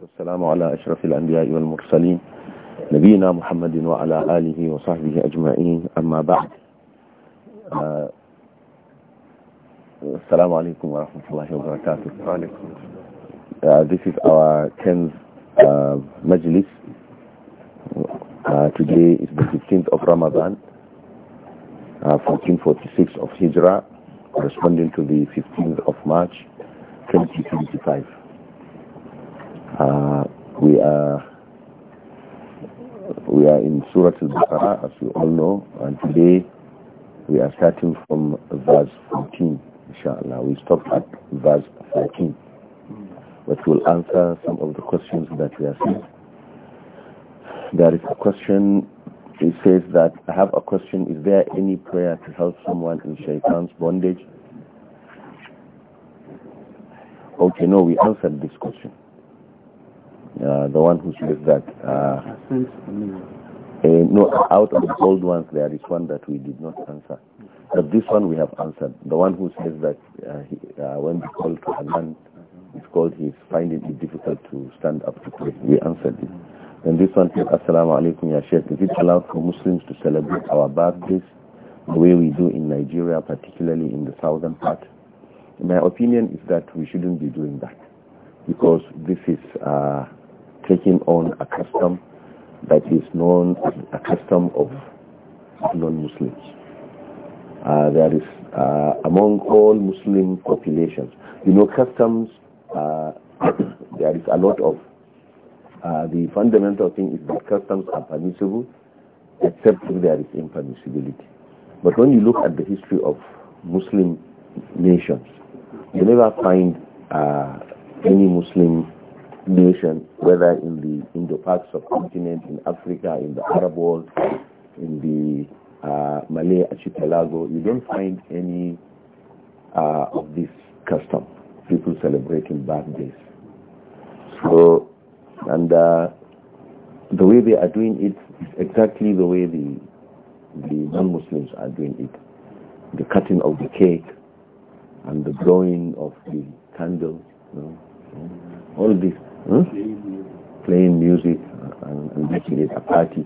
والسلام على أشرف الأنبياء والمرسلين نبينا محمد وعلى آله وصحبه أجمعين أما بعد آه، السلام عليكم ورحمة الله وبركاته uh, This is our 10th uh, majlis uh, Today is the 15th of Ramadan uh, 1446 of Hijrah corresponding to the 15th of March 2025 Uh, we are we are in Surah Al-Baqarah, as you all know, and today we are starting from verse 14, inshallah. We stopped at verse 13, but we'll answer some of the questions that we are seeing. There is a question, it says that, I have a question, is there any prayer to help someone in shaitan's bondage? Okay, no, we answered this question. Uh, the one who says that uh, eh, no, out of the old ones there is one that we did not answer. But this one we have answered. The one who says that uh, he, uh, when we call to Adhan, it's called he's finding it difficult to stand up to pray. We answered it. And this one says, Assalamu alaikum ya Sheikh. Is it allowed for Muslims to celebrate our birthdays the way we do in Nigeria, particularly in the southern part? my opinion is that we shouldn't be doing that because this is uh, taking on a custom that is known as a custom of non-Muslims. Uh, there is uh, among all Muslim populations, you know, customs. Uh, there is a lot of uh, the fundamental thing is that customs are permissible, except if there is impermissibility. But when you look at the history of Muslim nations, you never find uh, any Muslim nation, whether in the indo pacific subcontinent, in Africa, in the Arab world, in the uh, Malay archipelago, you don't find any uh, of this custom, people celebrating birthdays. So, and uh, the way they are doing it is exactly the way the, the non-Muslims are doing it. The cutting of the cake and the blowing of the candle, you know, all this hmm? playing music and, and making it a party.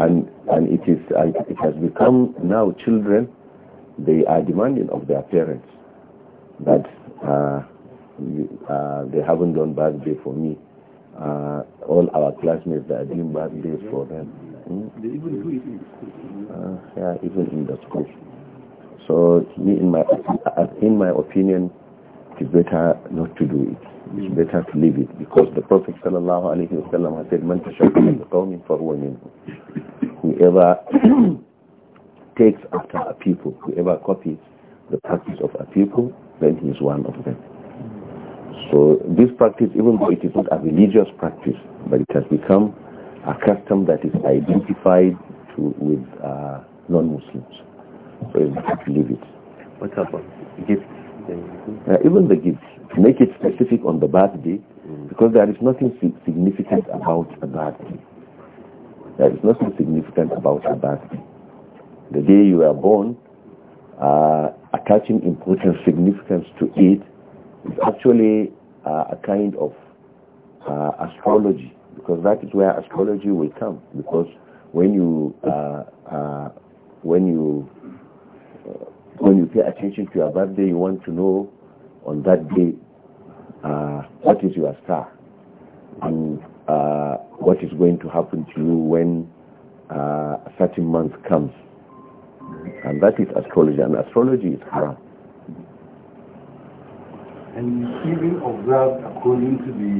And, and it, is, it has become now children, they are demanding of their parents that uh, uh, they haven't done birthday for me. Uh, all our classmates are doing birthdays for them. Hmm? Even uh, yeah, even in the school. So me, in my in my opinion, it's better not to do it. It's mm. better to leave it because the Prophet sallallahu alaihi wasallam has said, "Man qawmin farwa Whoever takes after a people, whoever copies the practice of a people, then he is one of them. So this practice, even though it is not a religious practice, but it has become a custom that is identified to, with uh, non-Muslims. So you have to leave it. What about gifts? Uh, even the gifts, make it specific on the birthday, mm. because there is nothing significant about a birthday. There is nothing significant about a birthday. The day you were born, uh, attaching important significance to it is actually uh, a kind of uh, astrology, because that is where astrology will come. Because when you uh, uh, when you attention to your birthday, you want to know on that day uh, what is your star and uh, what is going to happen to you when uh, a certain month comes. And that is astrology, and astrology is haram. And even observed according to the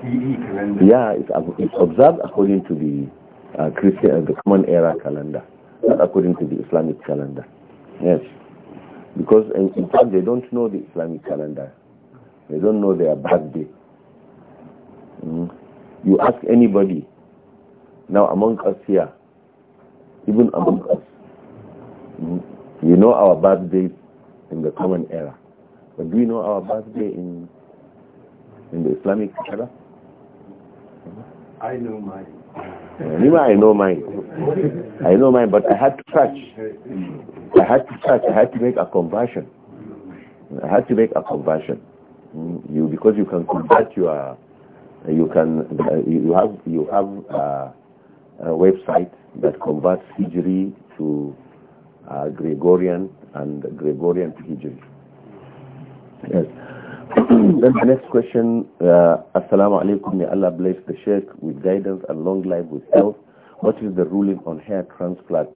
CE calendar? Yeah, it's, it's observed according to the uh, Christian, uh, the common era calendar, not according to the Islamic calendar. Yes. Because in, in fact, they don't know the Islamic calendar. They don't know their birthday. Mm. You ask anybody, now among us here, even among us, mm, you know our birthdays in the common era. But do you know our birthday in in the Islamic era? I know mine. Anyway, I know mine. I know mine, but I had to touch. I had to touch. I had to make a conversion. I had to make a conversion. Mm, you because you can convert your, you can you have you have a, a website that converts Hijri to uh, Gregorian and Gregorian to Hijri. Yes then the next question, uh, Assalamu alaikum, may Allah bless the Sheikh with guidance and long life with health. What is the ruling on hair transplant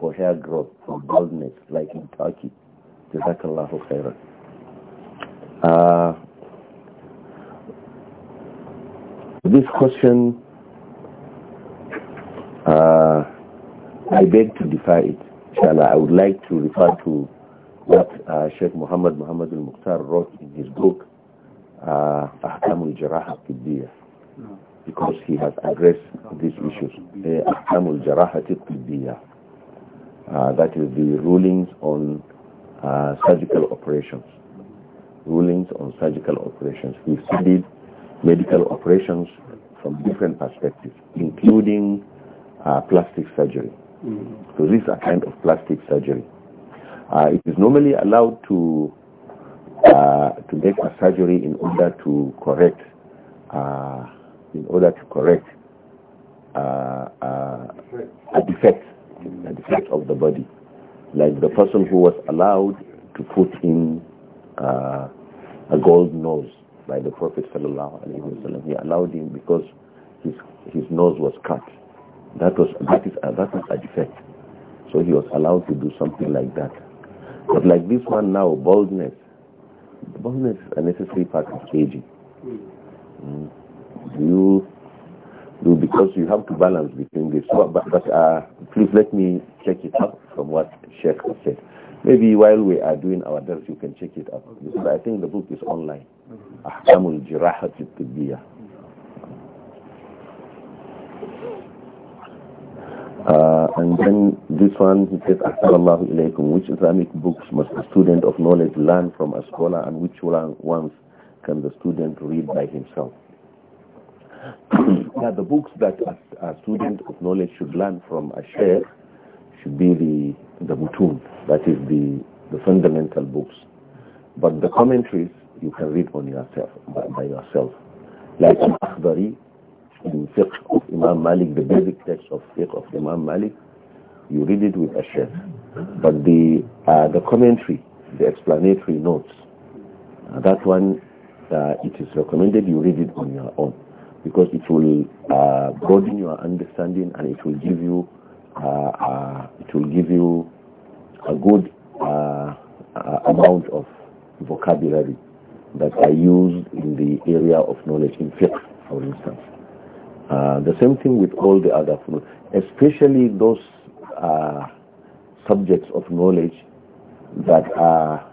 for hair growth for baldness, like in Turkey? Jazakallahu khairan. Uh, this question, uh, I beg to defy it. Inshallah, I would like to refer to what uh, Sheikh Muhammad Muhammad al mukhtar wrote in his book, uh, Ahkamul Jarah al because he has addressed these issues. Uh, Ahkamul Jarah al uh, that is the rulings on uh, surgical operations. Rulings on surgical operations. He studied medical operations from different perspectives, including uh, plastic surgery. Mm -hmm. So these are kind of plastic surgery. Uh, it is normally allowed to uh, to make a surgery in order to correct uh, in order to correct uh, uh, a defect a defect of the body, like the person who was allowed to put in uh, a gold nose by the Prophet sallallahu He allowed him because his his nose was cut. That was that is a, that was a defect. So he was allowed to do something like that. But like this one now, boldness. Boldness is a necessary part of aging. Mm. You do because you have to balance between this. But, but uh, please let me check it up from what Sheikh said. Maybe while we are doing our desk, you can check it up. Because I think the book is online. Mm-hmm. Ahkamul Jirahat Tibbiyah. Uh, and then this one, he says, Assalamu alaikum, which Islamic books must a student of knowledge learn from a scholar and which ones can the student read by himself? yeah, the books that a, a, student of knowledge should learn from a sheikh should be the, the mutun, that is the, the fundamental books. But the commentaries you can read on yourself, by, by yourself. Like Al-Akhbari, the fiqh of Imam Malik, the basic text of fiqh of Imam Malik, you read it with a chef. But the, uh, the commentary, the explanatory notes, uh, that one, uh, it is recommended you read it on your own because it will uh, broaden your understanding and it will give you, uh, uh, it will give you a good amount of vocabulary that I used in the area of knowledge in fiqh, for instance. Uh, the same thing with all the other fruits, especially those uh, subjects of knowledge that are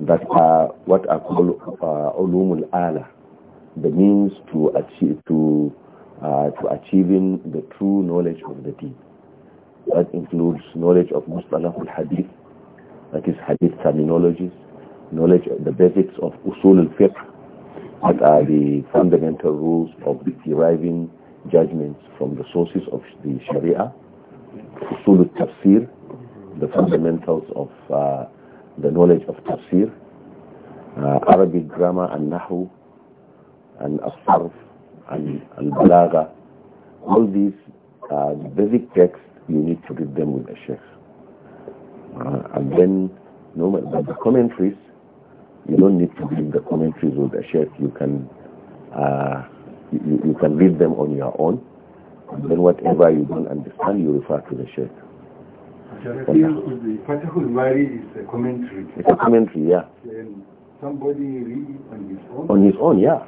that are what are called uh, ulumul ala, the means to achieve to uh, to achieving the true knowledge of the deen. That includes knowledge of mustalahul hadith, that is hadith terminologies, knowledge of the basics of usul al-fiqh, that are the fundamental rules of deriving judgments from the sources of the Sharia, usul tafsir, the fundamentals of uh, the knowledge of tafsir, uh, Arabic grammar and nahu, and asarf, and al-balagha. All these uh, basic texts, you need to read them with a sheikh. Uh, and then, no, but the commentaries, you don't need to read the commentaries with a sheikh. You can uh, you, you, can read them on your own. And then whatever you don't understand, you refer to the Sheikh. Fatahul is a commentary. It's a commentary, yeah. Can somebody read it on his own? On his own, yeah.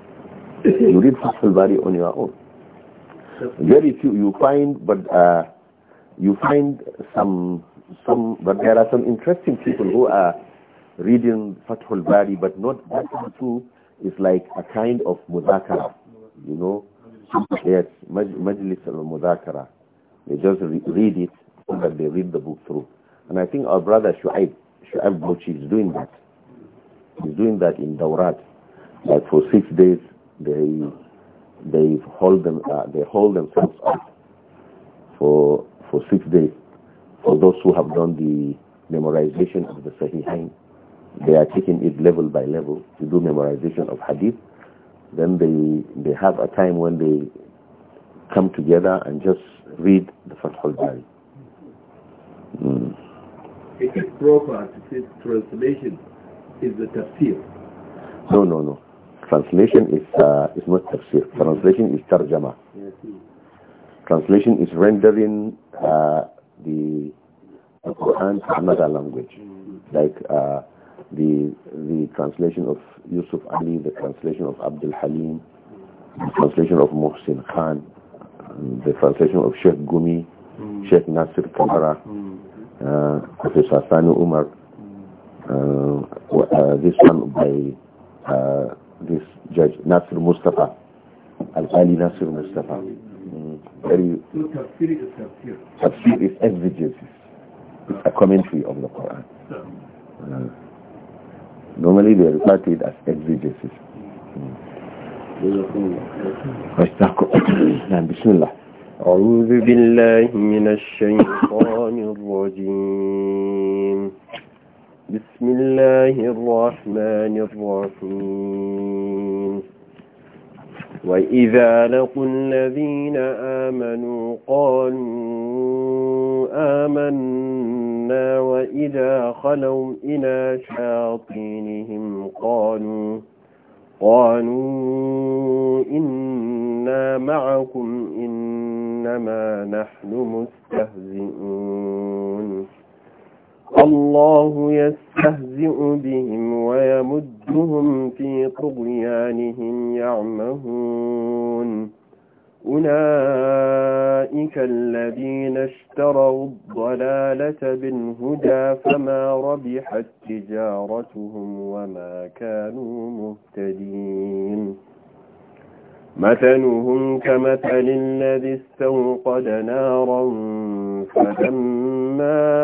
you read Fatihul Bari on your own. Very few you find, but uh, you find some, some, but there are some interesting people who are reading Fatihul Bari, but not that too It's like a kind of muzakara you know, yes, Majlis al-Mudakara. They just re read it so that they read the book through. And I think our brother Shu'aib, Shu'aib Bochi is doing that. He's doing that in Dawrat. Like for six days, they they hold them uh, they hold themselves up for for six days. For those who have done the memorization of the Sahihain, they are taking it level by level to do memorization of Hadith then they they have a time when they come together and just read the Fathul Bari. Mm. It is proper to say translation is the tafsir. No, no, no. Translation is uh, is not tafsir. Translation is tarjama. Translation is rendering uh, the, the Quran to another language, like. Uh, the, the translation of Yusuf Ali, the translation of Abdul Halim, the translation of Mohsin Khan, the translation of Sheikh Gumi, mm. Sheikh Nasir Kamara, mm. uh, Professor Sani Umar, uh, uh, this one by uh, this judge, Nasir Mustafa, Al-Ali Nasir Mustafa. Mm. Very, so tafsir is tafsir. Tafsir is exegesis. It's a commentary of the Quran. Uh, Normally they refer to it as exegesis. بسم الله أعوذ بالله من الشيطان الرجيم بسم الله الرحمن الرحيم وإذا لقوا الذين آمنوا قالوا آمنا وإذا خلوا إلى شاطينهم قالوا قالوا إنا معكم إنما نحن مستهزئون الله يستهزئ بهم ويمدهم في طغيانهم يعمهون أولئك الذين اشتروا الضلالة بالهدى فما ربحت تجارتهم وما كانوا مهتدين مثلهم كمثل الذي استوقد نارا فلما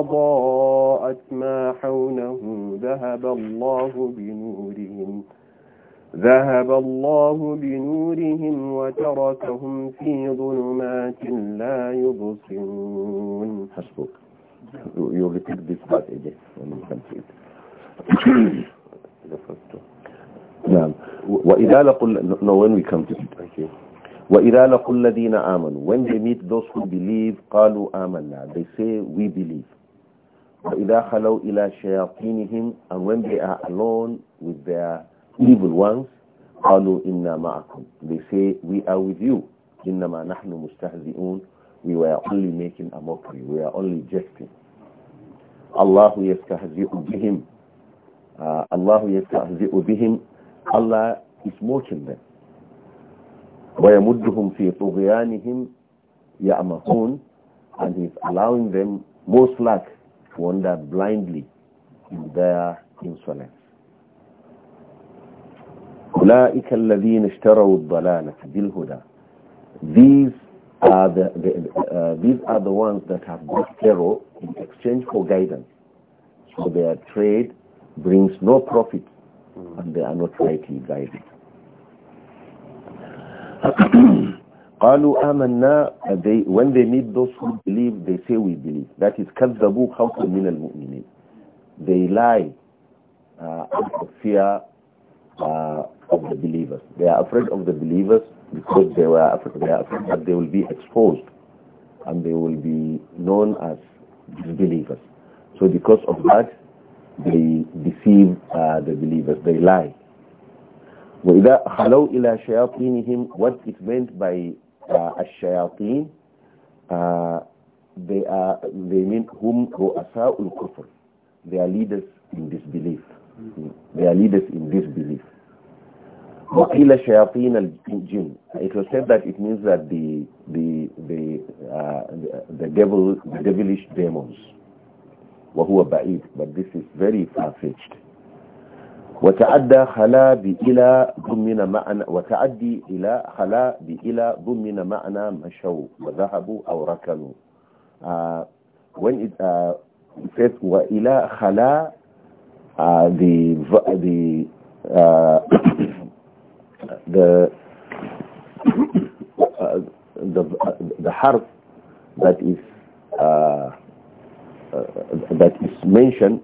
أضاءت ما حوله ذهب الله بنورهم ذهب الله بنورهم وتركهم في ظلمات لا يبصرون حسبك يغتب بسبات إجه ومن خمسة نعم وإذا لقوا نو وين وي كم to it وإذا لقوا الذين آمنوا when they meet those who believe قالوا آمنا they say we believe وإذا خلوا إلى شياطينهم and when they are alone with their evil ones قالوا إنا معكم they say we are with you إنما نحن مستهزئون we were only making a mockery we are only jesting الله يستهزئ بهم uh, الله يستهزئ بهم Allah is mocking them. وَيَمُدُّهُمْ فِي طُغْيَانِهِمْ يَعْمَهُونَ And He's allowing them most luck to wander blindly in their insolence. أُولَٰئِكَ الَّذِينَ اشْتَرَوُا الضَّلَالَةَ بِالْهُدَى These are the, the uh, these are the ones that have got error in exchange for guidance. So their trade brings no profit and they are not rightly guided. قالوا آمنا they, when they meet those who believe they say we believe that is كذبوا خوف من المؤمنين they lie uh, out of fear uh, of the believers they are afraid of the believers because they were afraid, they are afraid that they will be exposed and they will be known as disbelievers so because of that they deceive uh, the believers, they lie. وَإِذَا خَلَوْا إِلَى شَيَاطِينِهِمْ What it meant by uh, الشياطين uh, they are they mean whom رؤساء الكفر they are leaders in disbelief they are leaders in disbelief وقيل شياطين الجن it was said that it means that the the the uh, the, the devil the devilish demons وهو بعيد but this is very far-fetched وتعدى خلا بإلى ضمن معنى وتعدي إلى خلا بإلى ضمن معنى مشوا وذهبوا أو ركنوا uh, when it, uh, it says وإلى خلا uh, the the uh, uh, the uh, the the harf that is uh, Uh, that is mentioned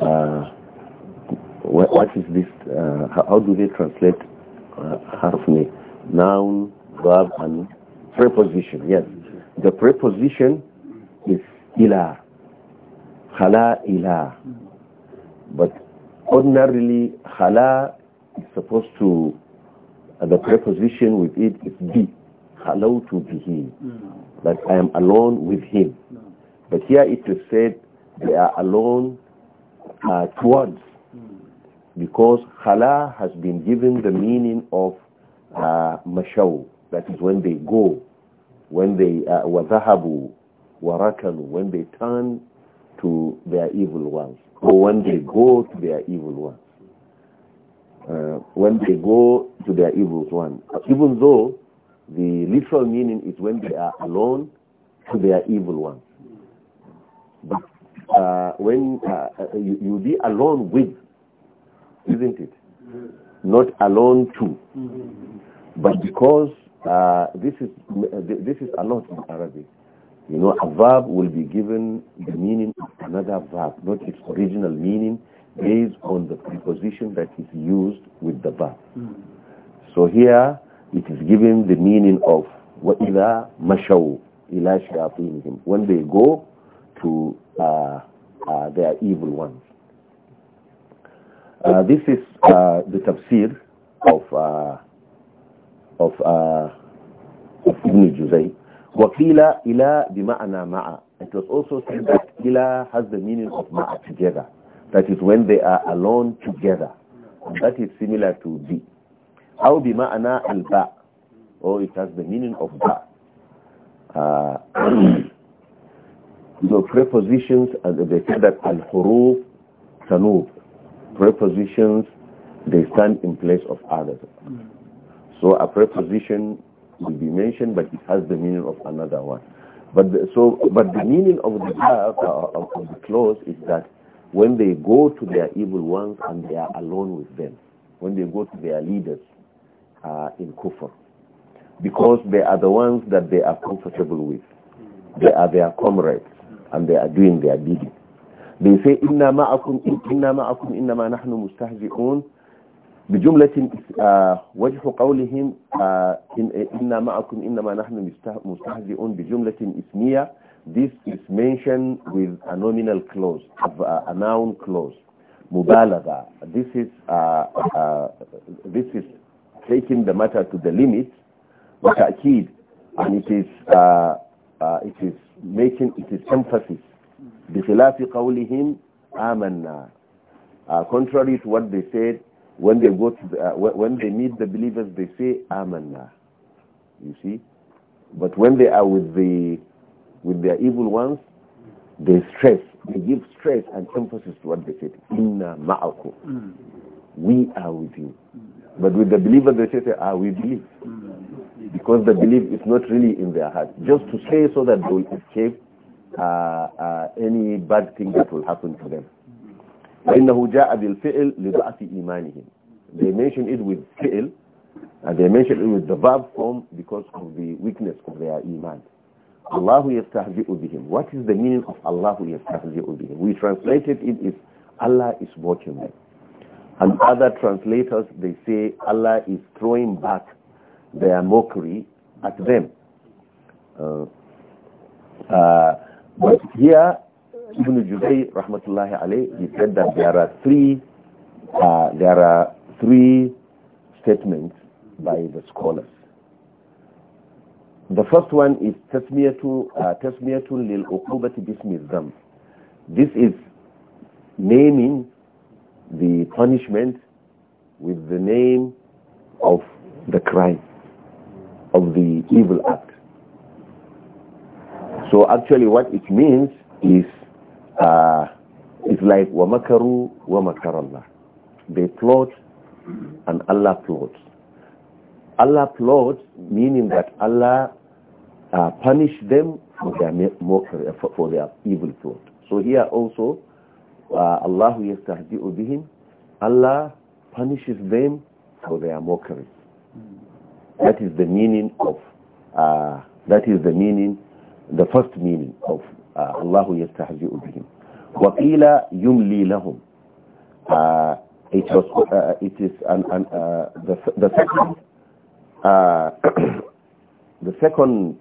uh, what, what is this uh, how, how, do they translate uh, harfni noun verb and preposition yes the preposition is ila khala ila but ordinarily khala is supposed to uh, the preposition with it is be halawtu bihi, that hmm. I am alone with him. Hmm. But here it is said they are alone uh, towards, hmm. because hala has been given the meaning of uh, mashaw, that is when they go, when they uh, wazahabu, uh, warakanu, when they turn to their evil ones, or when they go to their evil ones. Uh, when they go to their evil ones, even though the literal meaning is when they are alone to their evil ones. But uh, when uh, uh, you, you be alone with, isn't it? Not alone to. But because uh, this is this is a lot in Arabic. You know, a verb will be given the meaning of another verb, not its original meaning, based on the preposition that is used with the verb. So here, it is given the meaning of وَإِذَا مَشَوْا إِلَى شَيَاطِينِهِمْ When they go to uh, uh, their evil ones. Uh, this is uh, the tafsir of uh, of uh, of Ibn Juzay. وَقِيلَ إِلَى بِمَعْنَى مَعَ It was also said that إِلَى has the meaning of ma'at together. That is when they are alone together. And that is similar to the. أو بمعنى الباء or it has the meaning of باء uh, the prepositions uh, they say that al-huruf tanub prepositions they stand in place of others so a preposition will be mentioned but it has the meaning of another one but the, so but the meaning of the verb uh, of the clause is that when they go to their evil ones and they are alone with them when they go to their leaders in kufr because they are the ones that they are comfortable with. They are their comrades and they are doing their bidding. They say, إِنَّا مَعَكُمْ إِنَّا Inna إِنَّمَا نَحْنُ مُسْتَهْزِئُونَ بجملة وجه قولهم إنا معكم إنما نحن مستهزئون بجملة اسمية This is mentioned with a nominal clause, a noun clause. Mubalaga. This is uh, uh, this is taking the matter to the limit, وتأكيد, and it is, uh, uh, it is making it is emphasis. بخلاف قولهم آمنا. Uh, contrary to what they said, when they go to the, uh, when they meet the believers, they say amanna. You see, but when they are with the with their evil ones, they stress, they give stress and emphasis to what they said. Inna ma'akum. Mm. We are with you. Mm. But with the believer, they say, ah, we believe. Because the belief is not really in their heart. Just to say so that they will escape uh, uh, any bad thing that will happen to them. They mention it with fi'l, and they mention it with the verb form because of the weakness of their iman. Allahu yastahzi'u bihim. What is the meaning of Allah yastahzi'u bihim? We translated it as Allah is watching them. And other translators, they say Allah is throwing back their mockery at them. Uh, uh, but here, Ibn Jubay, rahmatullahi alayh, he said that there are three, uh, there are three statements by the scholars. The first one is tasmiyatu uh, tasmiyatu lil uqubati bismi This is naming the punishment with the name of the crime, of the evil act. So actually what it means is uh, it's like وَمَكَرُوا وَمَكَرَ اللَّهِ They plot and Allah plots. Allah plots meaning that Allah uh, punish them for their, mockery, for their evil plot. So here also uh, Allah yastahdi'u bihim Allah punishes them for their mockery that is the meaning of uh, that is the meaning the first meaning of uh, Allah yastahzi'u bihim wa qila yumli lahum it was uh, it is an, an, uh, the the second uh, the second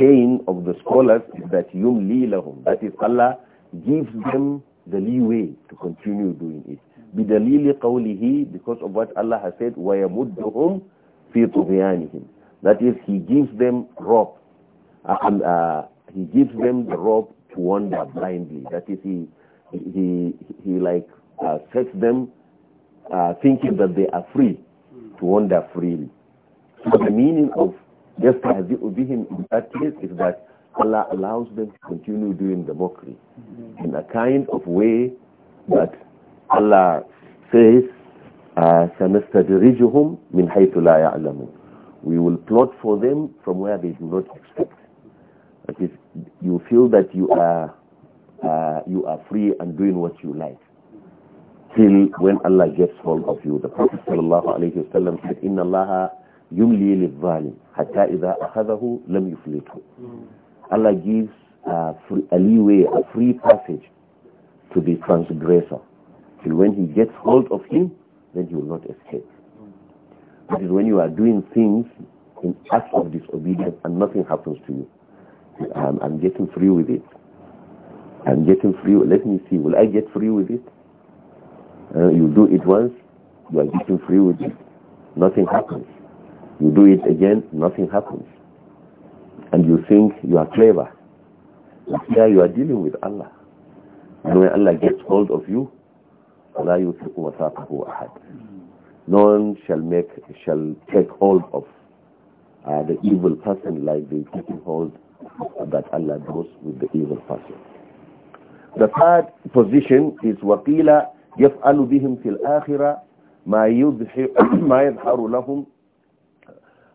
saying of the scholars is that yumli lahum that is Allah gives them the leeway to continue doing it. بِدَلِيلِ قَوْلِهِ Because of what Allah has said, وَيَمُدُّهُمْ فِي طُغْيَانِهِمْ That is, He gives them rope. and, uh, uh, he gives them the rope to wander blindly. That is, He, he, he, like uh, sets them uh, thinking that they are free to wander freely. So the meaning of just as in that case is that Allah allows them to continue doing the mockery in a kind of way that Allah says, سَنَسْتَدْرِجُهُمْ مِنْ حَيْثُ لَا يَعْلَمُونَ We will plot for them from where they do not expect. That is, you feel that you are, uh, you are free and doing what you like till when Allah gets hold of you. The Prophet sallallahu alayhi wasallam said, إِنَّ اللَّهَ يُمْلِي لِلظَّالِمِ حَتَّى إِذَا أَخَذَهُ لَمْ يُفْلِتْهُ Allah gives a, free, a leeway, a free passage to the transgressor. Till when he gets hold of him, then he will not escape. That is when you are doing things in acts of disobedience and nothing happens to you. I'm, I'm getting free with it. I'm getting free. Let me see. Will I get free with it? Uh, you do it once, you are getting free with it. Nothing happens. You do it again, nothing happens and you think you are clever. But here you are dealing with Allah. And when Allah gets hold of you, Allah yuthiqu wasaqahu ahad. No one shall make shall take hold of uh, the evil person like the taking hold that Allah does with the evil person. The third position is bihim fil akhirah, ma الْآخِرَةِ ma يُظْهِرُ لَهُمْ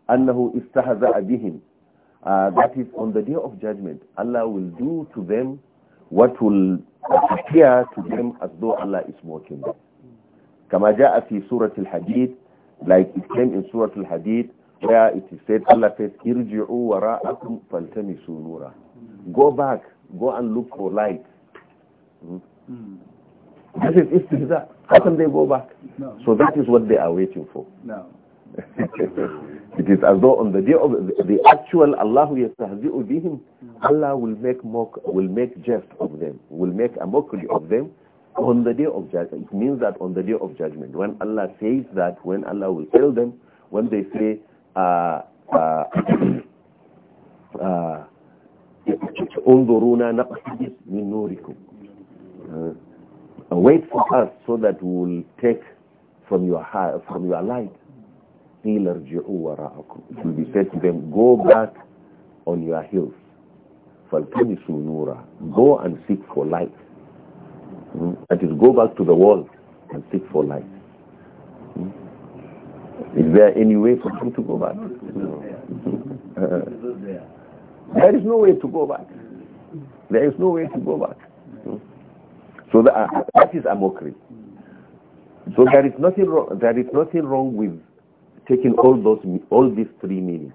أَنَّهُ اسْتَهْزَأَ bihim. uh, that is on the day of judgment Allah will do to them what will appear to them as though Allah is mocking them كما جاء في سورة الحديد like it came in Surah al where it is said, Allah says, Irji'u wara'akum faltamisu nura. Go back, go and look for light. Mm. Mm. This is istihza. How can they go back? No. So that is what they are waiting for. No. it is as though on the day of the, actual Allah yastahzi'u Allah will make mock, will make jest of them, will make a mockery of them on the day of judgment. It means that on the day of judgment, when Allah says that, when Allah will tell them, when they say, uh, uh, uh, uh, wait for us so that we will take from your, from your light قِيلَ ارْجِعُوا وَرَاءَكُمْ It will be said to them, go back on your heels. فَالْتَمِسُوا نُورًا Go and seek for light. Hmm? That is, go back to the world and seek for light. Hmm? Is there any way for them to go back? No. Uh-uh. there is no way to go back. There is no way to go back. Hmm? So that, uh, that is a mockery. So there is nothing wrong, there is nothing wrong with Taking all those all these three meanings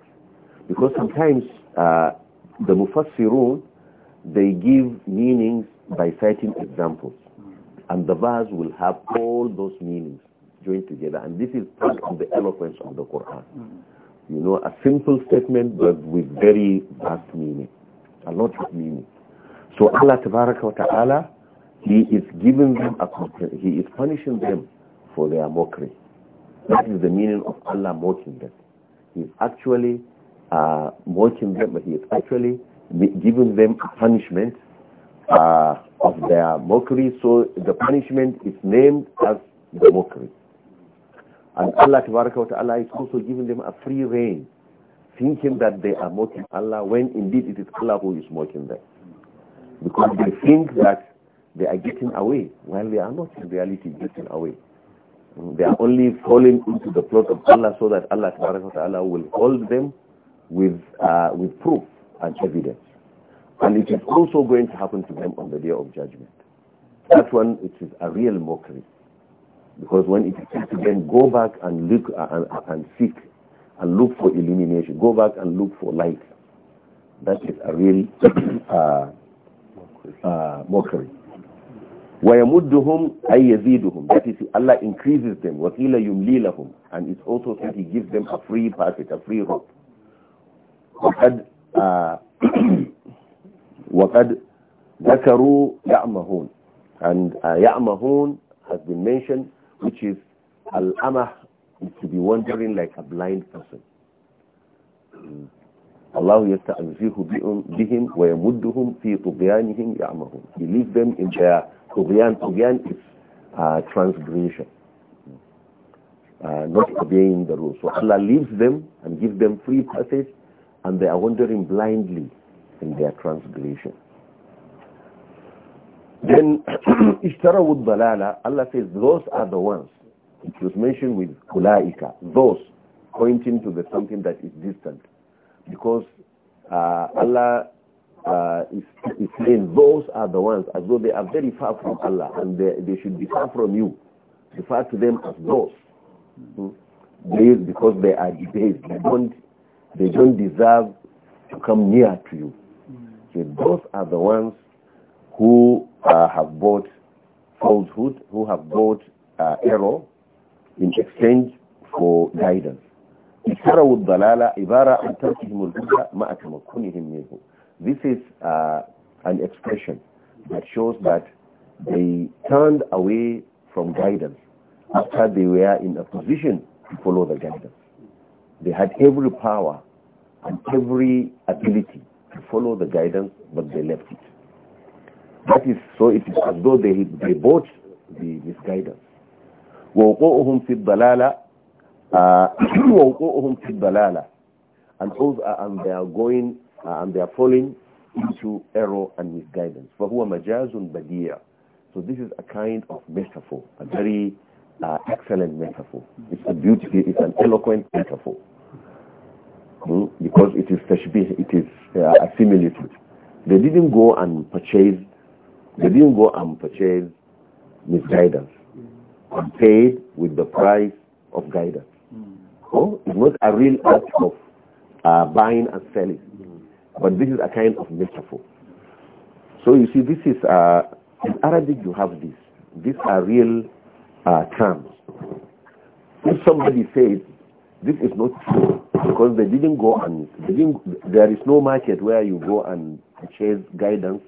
because sometimes uh, the mufassirun they give meanings by citing examples and the verse will have all those meanings joined together and this is part of the eloquence of the Quran you know a simple statement but with very vast meaning a lot of meaning so Allah ta'ala he is giving them a he is punishing them for their mockery that is the meaning of Allah mocking them. He is actually uh, mocking them, but he is actually giving them a punishment uh, of their mockery. So the punishment is named as the mockery. And Allah Ta'ala is also giving them a free reign, thinking that they are mocking Allah when indeed it is Allah who is mocking them. Because they think that they are getting away, while they are not in reality getting away. They are only falling into the plot of Allah so that Allah Ta'ala will hold them with, uh, with proof and evidence. And it is also going to happen to them on the day of judgment. That one, it is a real mockery. Because when it is again, them, go back and look uh, and, uh, and seek and look for illumination, go back and look for light. That is a real uh, uh, mockery. mudduhum ay yaziduhum that is Allah increases them وقيل يملي لهم and it's also said he gives them a free passage a free road وقد uh, وقد ذكروا يعمهون and uh, يعمهون has been mentioned which is al-amah is to be wandering like a blind person Allah yasta'zihu bihim wa yamudduhum fi tughyanihim ya'mahun. He leaves them in their tughyan. Tughyan is uh, transgression. Uh, not obeying the rules. So Allah leaves them and gives them free passage and they are wandering blindly in their transgression. Then Ishtarawud Balala, Allah says those are the ones. It was mentioned with Kulaika, those pointing to the something that is distant because uh, Allah uh, is, is saying those are the ones as though they are very far from Allah and they, they should be far from you. Refer to them as those. Mm -hmm. because they are debased. They don't, they don't deserve to come near to you. So those are the ones who uh, have bought falsehood, who have bought uh, error in exchange for guidance dalala ibara an tarkihim ma'a tamakkunihim minhu. This is uh, an expression that shows that they turned away from guidance after they were in a position to follow the guidance. They had every power and every ability to follow the guidance, but they left it. That is so it is as though they, they bought the misguidance. ووقوعهم في الضلالة ووقوعهم في الضلالة and also and they are going uh, and they are falling into error and misguidance فهو مجاز بديع so this is a kind of metaphor a very uh, excellent metaphor it's a beautiful it's an eloquent metaphor hmm? because it is tashbih it is uh, a similitude they didn't go and purchase they didn't go and purchase misguidance and paid with the price of guidance Hmm. Oh, it was a real act of uh, buying and selling. Hmm. But this is a kind of metaphor. So you see, this is, uh, in Arabic you have this. These are real uh, terms. If somebody says, this is not true, because they didn't go and, didn't, there is no market where you go and purchase guidance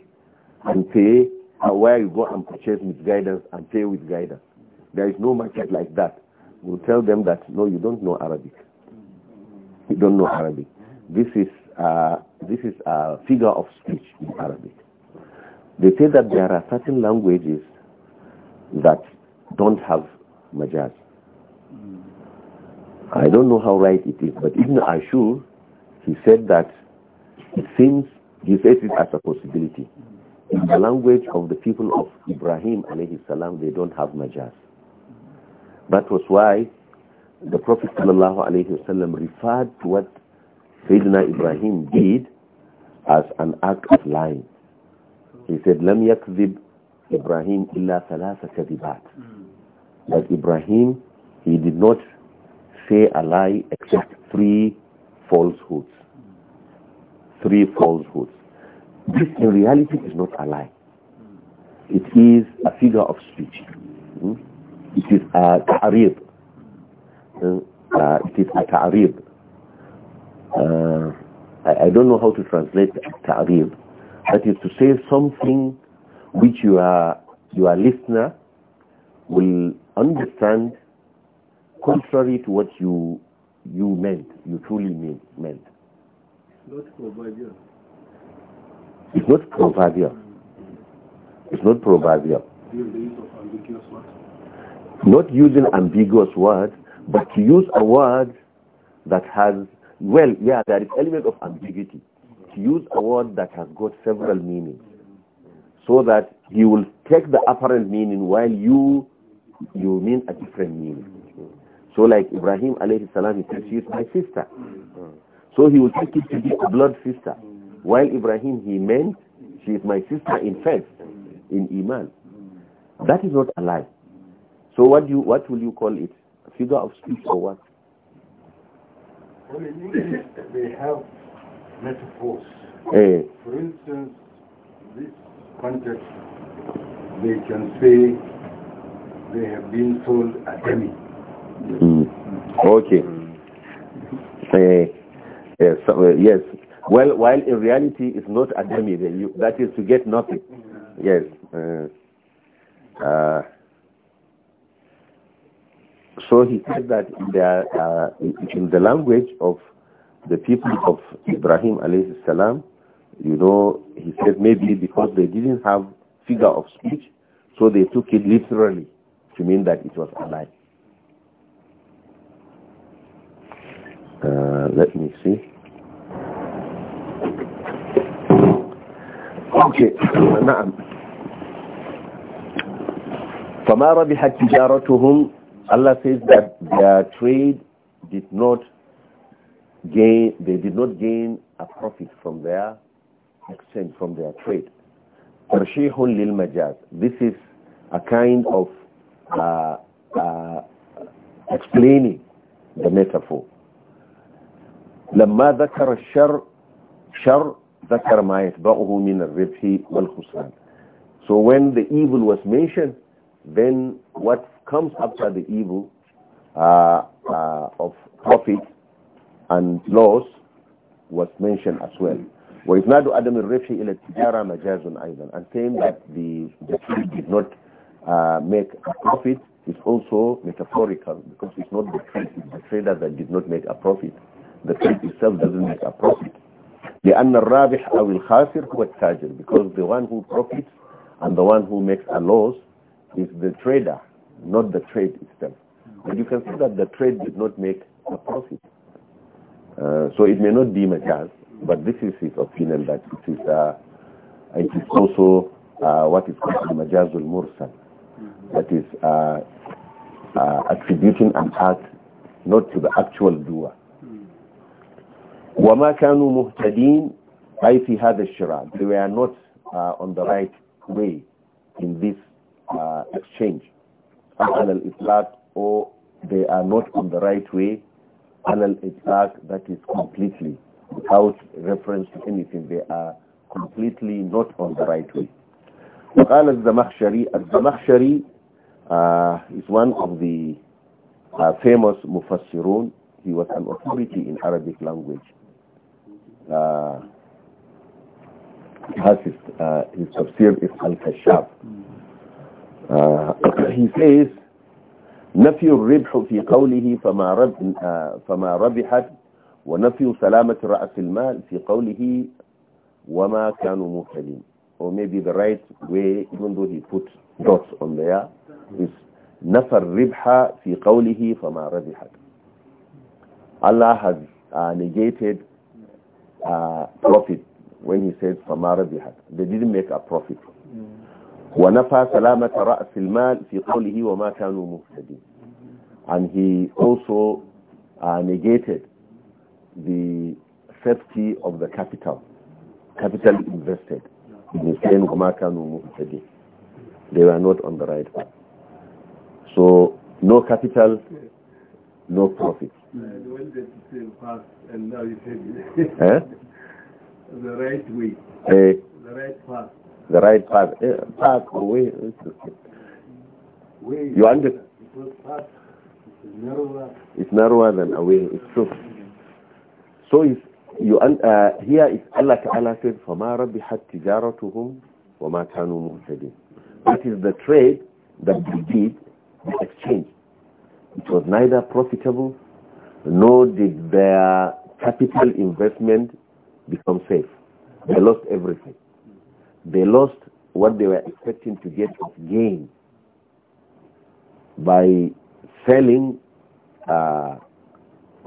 and pay, or where you go and purchase with guidance and pay with guidance. There is no market like that will tell them that, no, you don't know Arabic. You don't know Arabic. This is, uh, this is a figure of speech in Arabic. They say that there are certain languages that don't have majaz. I don't know how right it is, but Ibn Ashur, he said that it seems, he says it as a possibility. In the language of the people of Ibrahim alayhi salam, they don't have majaz. That was why the Prophet ﷺ referred to what Sayyidina Ibrahim did as an act of lying. He said, "Lam yakzib Ibrahim illa ثلاث كذبات. Hmm. That Ibrahim, he did not say a lie except three falsehoods. Three falsehoods. This in reality is not a lie. Hmm. It is a figure of speech. Hmm? It is a uh, ta'rib. Uh, it is a ta'rib. Uh, I, I, don't know how to translate ta'rib. That is to say something which you are, your listener will understand contrary to what you you meant, you truly mean, meant. It's not proverbial. It's not proverbial. It's not proverbial. Not using ambiguous words, but to use a word that has, well, yeah, there is element of ambiguity. To use a word that has got several meanings so that he will take the apparent meaning while you you mean a different meaning. So like Ibrahim alayhi salam, he says, she is my sister. So he will take it to be a blood sister. While Ibrahim, he meant, she is my sister in faith, in Iman. That is not a lie. So what do you, what will you call it? Figure of speech or what? Well, in English they have metaphors. Eh. For instance, this context, they can say they have been sold a demi. Mm. Okay. Mm. so, uh, yes. Well, while in reality it's not a demi, then you, that is to get nothing. Yes. Ah. So he said that in the, uh, in the language of the people of Ibrahim alayhi salam, you know, he said maybe because they didn't have figure of speech, so they took it literally to mean that it was a lie. Uh, let me see. Okay, نعم. فما ربحت تجارتهم Allah says that their trade did not gain, they did not gain a profit from their exchange, from their trade. lil للمجاز. This is a kind of uh, uh, explaining the metaphor. لما ذكر الشر شر ذكر ما يتبعه من الربح والخسران. So when the evil was mentioned, then what comes after the evil uh, uh, of profit and loss was mentioned as well. وإسناد عدم الربح إلى التجارة مجاز أيضا and saying that the, the trade did not uh, make a profit is also metaphorical because it's not the trade, it's the trader that did not make a profit. The trade itself doesn't make a profit. لأن الرابح أو الخاسر هو because the one who profits and the one who makes a loss is the trader not the trade itself. But you can see that the trade did not make a profit. Uh, so it may not be Majaz, but this is his opinion that it is, uh, it is also uh, what is called Majazul Mursal, that is uh, uh, attributing an act not to the actual doer. وما كانوا مهتدين أي في هذا الشراء they were not uh, on the right way in this exchange al itlaq or they are not on the right way al itlaq that is completely without reference to anything they are completely not on the right way وقال الزمخشري الزمخشري uh, is one of the uh, famous mufassirun he was an authority in Arabic language uh, has his, uh, his tafsir is Al-Kashab uh, he says نفي الربح في قوله فما, رب فما ربحت ونفي سلامة رأس المال في قوله وما كانوا مهتدين or maybe the right way even though he put dots on there is نفى الربح في قوله فما ربحت Allah has uh, negated uh, profit when he said فما ربحت they didn't make a profit ونفى سلامة رأس المال في قوله وما كانوا مهتدين and he also uh, negated the safety of the capital capital invested in saying وما كانوا مهتدين they were not on the right path so no capital no profit eh? the right way the right path the right path, eh, path or way. Eh, you understand? It's narrower than a way. It's true. So if you uh, here is Allah Ta'ala said, فَمَا رَبِحَتْ تِجَارَتُهُمْ وَمَا كَانُوا مُهْتَدِينَ That is the trade that they did, the exchange. It was neither profitable nor did their capital investment become safe. They lost everything. They lost what they were expecting to get of gain by selling uh,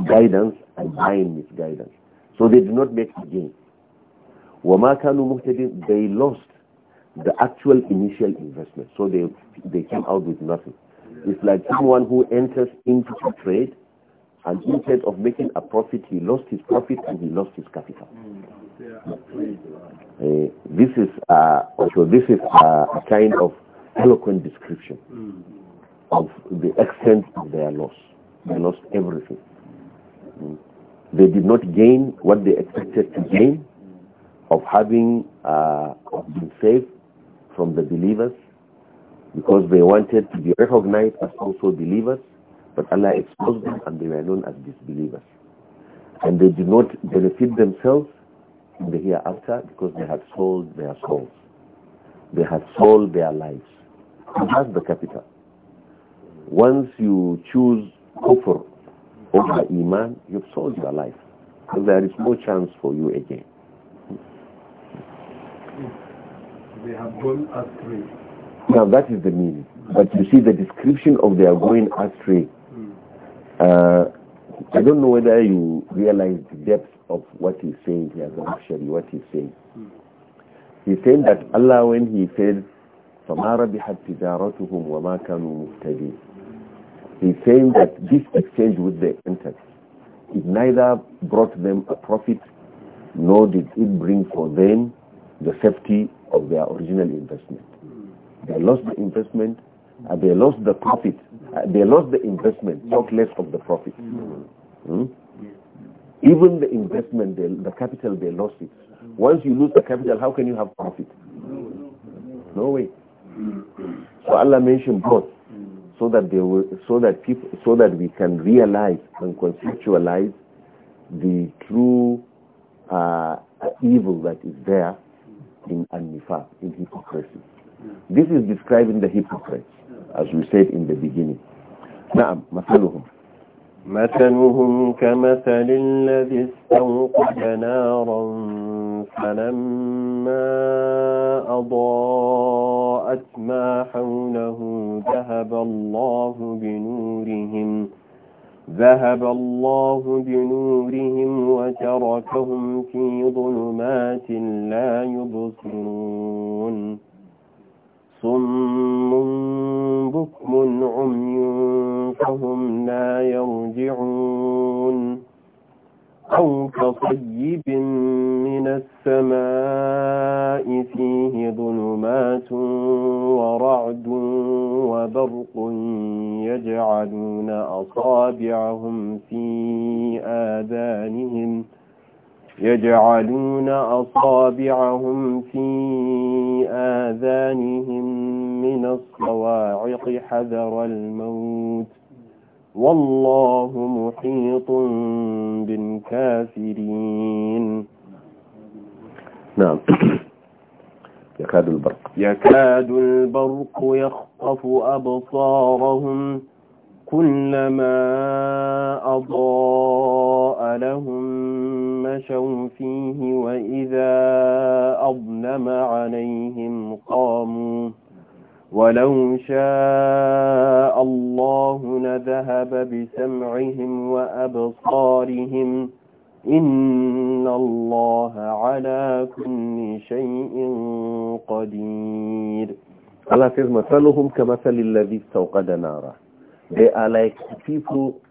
guidance and buying misguidance. So they did not make a gain. وَمَا كَانُوا مُهْتَدِينَ They lost the actual initial investment. So they, they came out with nothing. It's like someone who enters into a trade and instead of making a profit, he lost his profit and he lost his capital. Mm. Yeah. Uh, this is uh, this is uh, a kind of eloquent description mm. of the extent of their loss. They lost everything. Mm. They did not gain what they expected to gain of having uh, been saved from the believers because they wanted to be recognized as also believers, but Allah exposed them and they were known as disbelievers. And they did not benefit themselves in the hereafter because they have sold their souls. They have sold their lives. that's the capital. Once you choose kufr over iman, you've sold your life. there is no chance for you again. They have gone astray. Now that is the meaning. But you see the description of their going astray. Hmm. Uh, I don't know whether you realize the depth of what he's saying here, the what he's saying. He's saying that Allah, when he said, فَمَا رَبِحَتْ تِجَارَتُهُمْ وَمَا كَانُوا مُهْتَدِينَ He's saying that this exchange with the entered, it neither brought them a profit, nor did it bring for them the safety of their original investment. They lost the investment, uh, they lost the profit. Uh, they lost the investment, talk less of the profit. Hmm? Even the investment, they, the capital, they lost it. Once you lose the capital, how can you have profit? No way. So Allah mentioned both, so that they will, so that people, so that we can realize and conceptualize the true uh, evil that is there in anifa, in hypocrisy. This is describing the hypocrites. as we said in the beginning نعم مثلهم مثلهم كمثل الذي استوقد نارا فلما أضاءت ما حوله ذهب الله بنورهم ذهب الله بنورهم وتركهم في ظلمات لا يبصرون صم بكم عمي فهم لا يرجعون أو كطيب من السماء فيه ظلمات ورعد وبرق يجعلون أصابعهم في آذانهم ۖ يجعلون أصابعهم في آذانهم من الصواعق حذر الموت والله محيط بالكافرين نعم يكاد البرق يكاد البرق يخطف أبصارهم كلما أضاء لهم مشوا فيه وإذا أظلم عليهم قاموا ولو شاء الله لذهب بسمعهم وأبصارهم إن الله على كل شيء قدير الله مثلهم كمثل الذي استوقد ناره They are like people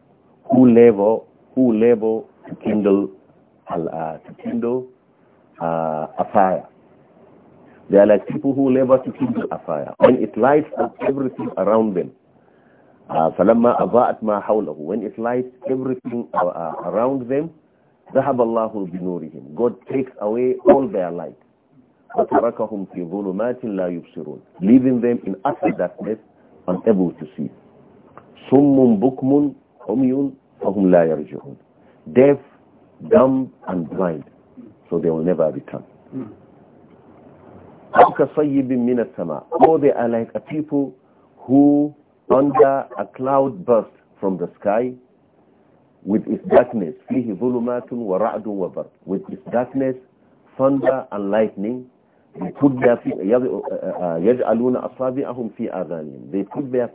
who labor, who labor to kindle, uh, to kindle uh, a fire. They are like people who labor to kindle a fire. When it lights up everything around them, uh, فلما أضاءت ما حوله when it lights everything uh, uh, around them ذهب الله بنورهم God takes away all their light وتركهم في ظلمات لا يبصرون leaving them in utter darkness unable to see summun bukmun umyun fahum la yarji'un. Deaf, dumb, and blind. So they will never return. Or oh, they are like a people who under a cloud burst from the sky with its darkness فيه ظلمات ورعد وبرد with its darkness thunder and lightning they put their uh, uh, uh,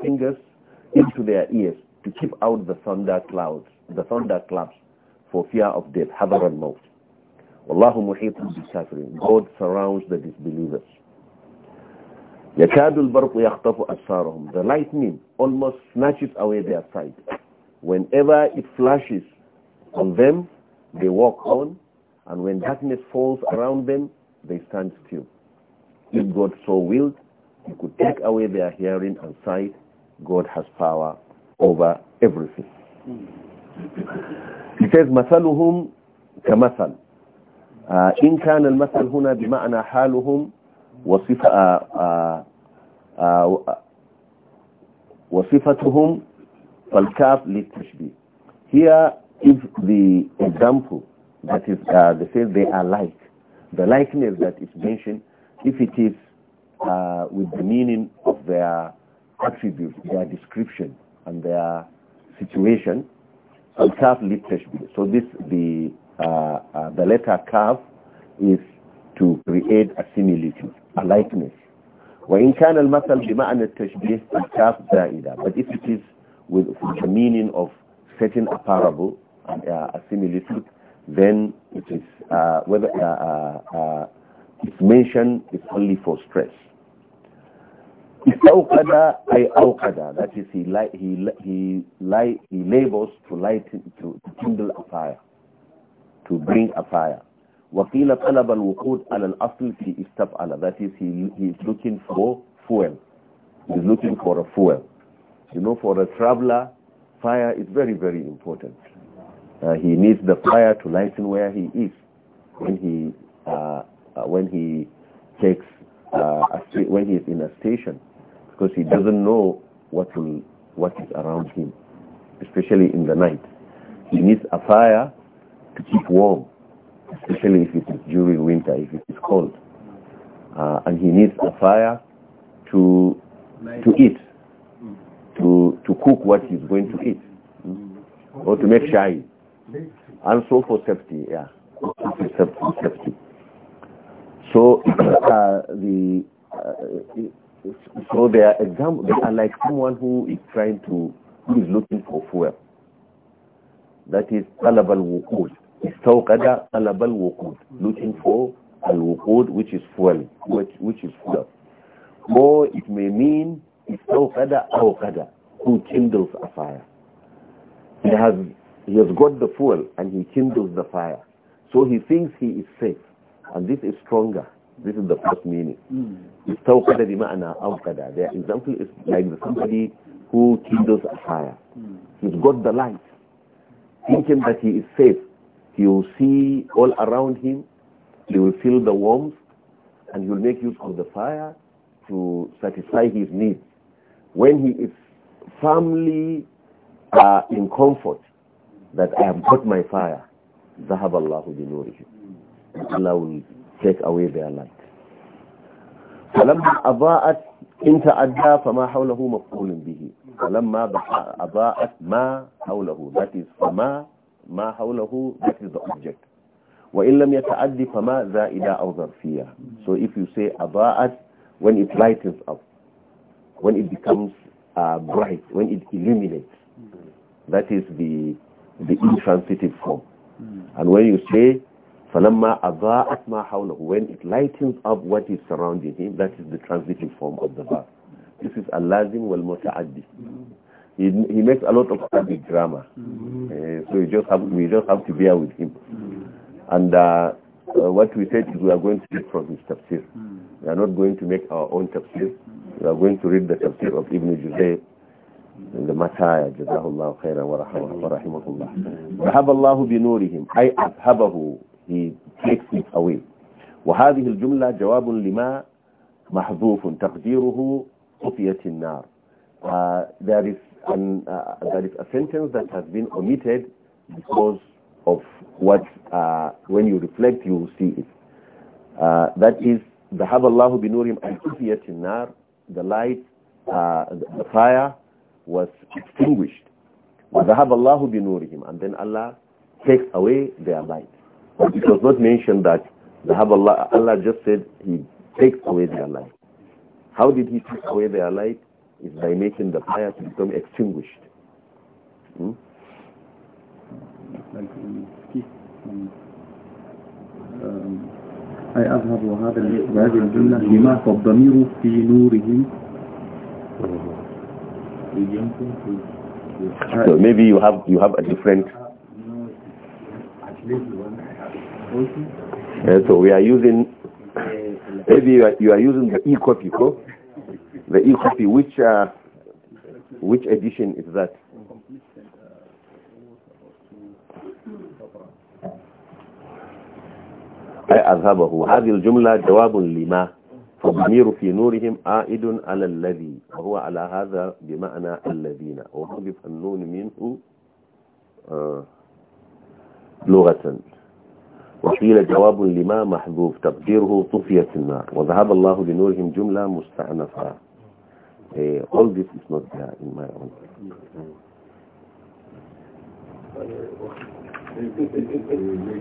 fingers into their ears to keep out the thunder clouds, the thunder claps for fear of death, hadar al-maut. Wallahu muhitun bi-kafirin. God surrounds the disbelievers. يَكَادُ الْبَرْقُ يَخْطَفُ أَبْصَارَهُم The lightning almost snatches away their sight. Whenever it flashes on them, they walk on, and when darkness falls around them, they stand still. If God so willed, he could take away their hearing and sight, God has power over everything. He says, مثلهم كمثل آه إن كان المثل هنا بمعنى حالهم وصف آه آه وصفتهم فالكاف للتشبيه Here is the example that is uh, they say they are like the likeness that is mentioned if it is uh, with the meaning of their attributes, their description, and their situation. And kaf liftashbih. So this the uh, uh, the letter kaf is to create a similitude, a likeness. وإن كان المثل بمعنى التشبيه الكاف زائدة but if it is with the meaning of setting a parable uh, a similitude then it is uh, whether uh, uh, it's mentioned is only for stress Awqada, ay awqada. That is, he, light he, he, he labors to light, to, to kindle a fire, to bring a fire. وقيل طلب الوقود على الأصل في استفعل. That is, he, he is looking for fuel. He is looking for a fuel. You know, for a traveler, fire is very, very important. Uh, he needs the fire to lighten where he is when he, uh, uh when he takes, uh, when he is in a station because he doesn't know what will what is around him, especially in the night. He needs a fire to keep warm, especially if it is during winter, if it is cold. Uh, and he needs a fire to to eat, to to cook what he's going to eat, or to make shy, and so for safety, yeah, safety. So uh, the uh, so they are example, they are like someone who is trying to, who is looking for fuel. That is talab al-wuqud. Istawqada talab al-wuqud. Looking for al-wuqud, which is fuel, which, which is fuel. Or it may mean istawqada awqada, who kindles a fire. He has, he has got the fuel and he kindles the fire. So he thinks he is safe. And this is stronger this is the first meaning. Istawqada bi ma'ana awqada. Their example is like somebody who kindles a fire. Hmm. He's got the light. Thinking that he is safe, he will see all around him, he will feel the warmth, and he will make use of the fire to satisfy his needs. When he is firmly uh, in comfort that I have got my fire, ذهب الله بنورهم. Allah will take away their light فلما أضاءت إن تعدى فما حوله مفعول به فلما أضاءت ما حوله that is فما ما حوله that is the object وإن لم يتعدي فما زائدة أو ظرفية so if you say أضاءت when it lightens up when it becomes uh, bright when it illuminates that is the the intransitive form and when you say when it lightens up what is surrounding him, that is the transitive form of the verb. This is al-lazim wal-muta'addi. He, he makes a lot of Arabic grammar. Uh, so just have, we just have to bear with him. Mm-hmm. And uh, uh, what we said is we are going to read from his tafsir. Mm-hmm. We are not going to make our own tafsir. We are going to read the tafsir of Ibn Juzay the Mataya, Jazahullah khairan wa rahimahullah. Dhahab Allah bi nurihim, ay he takes it away وهذه الجملة جواب لما محذوف تقديره النار uh, there is an, uh, there is a sentence that has been omitted because of what uh, when you reflect you will see it uh, that is ذهب الله بنورهم أن النار the light uh, the fire was extinguished وذهب الله بنورهم and then Allah takes away their light it was not mentioned that Allah, Allah just said He takes away their life. How did He take away their life? Is by making the fire to become extinguished. Hmm? أي أظهر هذا هذه الجملة لما في So maybe you have you have a different Uh, so we are using, maybe you are, you are using the e-copy, co? The e-copy, which, uh, which edition is that? أي أذهبه هذه الجملة جواب لما فالضمير في نورهم عائد على الذي وهو على هذا بمعنى الذين وحذف النون منه آه لغة وقيل جواب لما محذوف تقديره طفية النار وذهب الله بنورهم جملة مستعنفة إيه، all this is not there in my own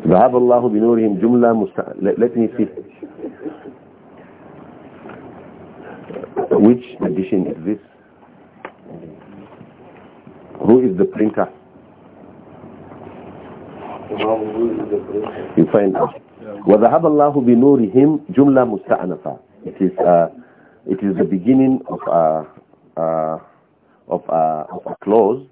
ذهب الله بنورهم جملة مستعنفة let me see which edition is this who is the printer You find out. وَذَهَبَ اللَّهُ بِنُورِهِمْ جُمْلَة مستأنفة. It is, uh, it is the beginning of a, uh, of a, of a clause.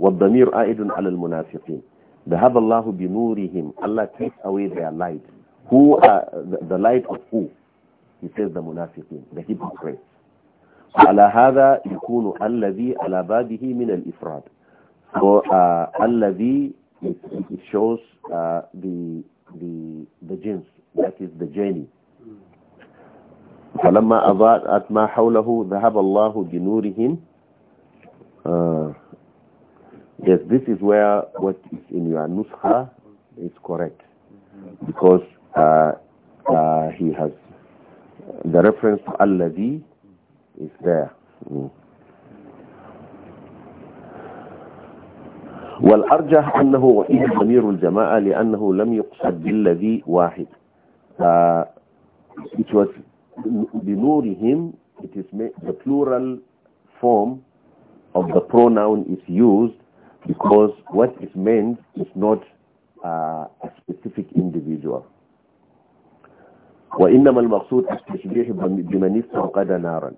وَالضَّمِيرُ آئِدٌ عَلَى الْمُنَافِقِينَ ذَهَبَ اللَّهُ بِنُورِهِمْ Allah takes away their light. Who uh, the, the light of who? He says the munafiqin, the hypocrites. على هذا يكون الذي على بابه من الإفراد. So, uh, الذي It, it shows uh, the the the that is the journey. فلما أضاءت ما حوله ذهب الله بنورهم uh, yes this is where what is in your nuskha is correct because uh, uh, he has the reference to الذي is there mm. والأرجح أنه ضمير الجماعة لأنه لم يقصد بالذي واحد uh, which was بنورهم it is made, the plural form of the pronoun is used because what is meant is not uh, a specific individual وإنما المقصود التشبيه بمن استوقد نارا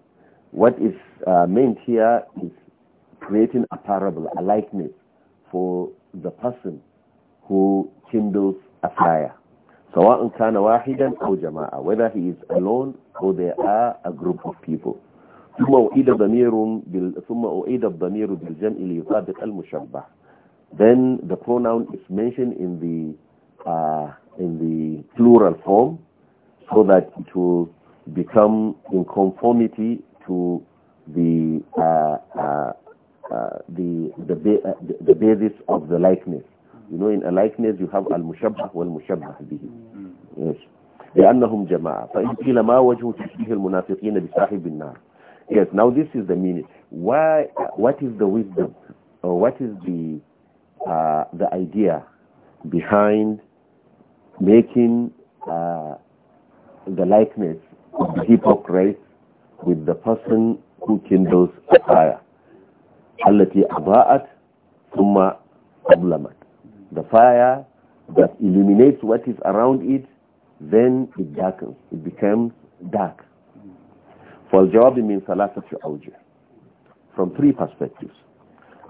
what is uh, meant here is creating a parable a likeness for the person who kindles a fire. سواء كان واحدا أو جماعة whether he is alone or there are a group of people ثم أعيد الضمير بال... ثم أعيد الضمير ليطابق المشبه then the pronoun is mentioned in the uh, in the plural form so that it will become in conformity to the uh, uh, uh, the the, ba uh, the basis of the likeness. You know, in a likeness you have al-mushabbah wal-mushabbah bihi. Yes. لأنهم جماعة فإن قيل ما وجه تشبيه المنافقين بصاحب النار Yes, now this is the meaning. Why, uh, what is the wisdom or what is the, uh, the idea behind making uh, the likeness of the hypocrite with the person who kindles a fire? allati aba'at thumma ablamat the fire that illuminates what is around it then it darkens it becomes dark فالجواب من ثلاثة أوجه from three perspectives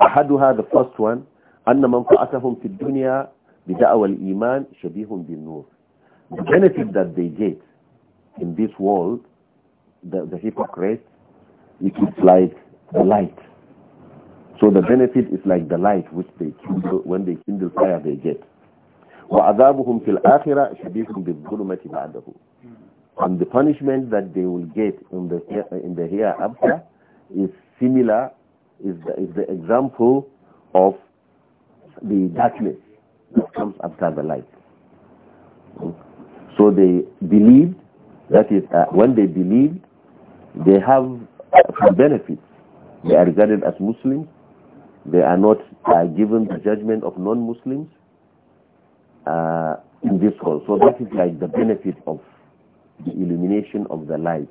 أحدها the first one أن منفعتهم في الدنيا بدعوى الإيمان شبيه بالنور the benefit that they get in this world the, the hypocrite it is like the light so the benefit is like the light which they kindle, when they kindle fire they get. وَعَذَابُهُمْ فِي الْآخِرَةِ شَبِيهٌ بِالظُّلُمَةِ بَعْدَهُ And the punishment that they will get in the, in the hereafter is similar, is the, is the example of the darkness that comes after the light. So they believed, that is, uh, when they believed, they have some benefits. They are regarded as Muslims they are not uh, given the judgment of non-Muslims uh, in this world. So that is like the benefit of the illumination of the light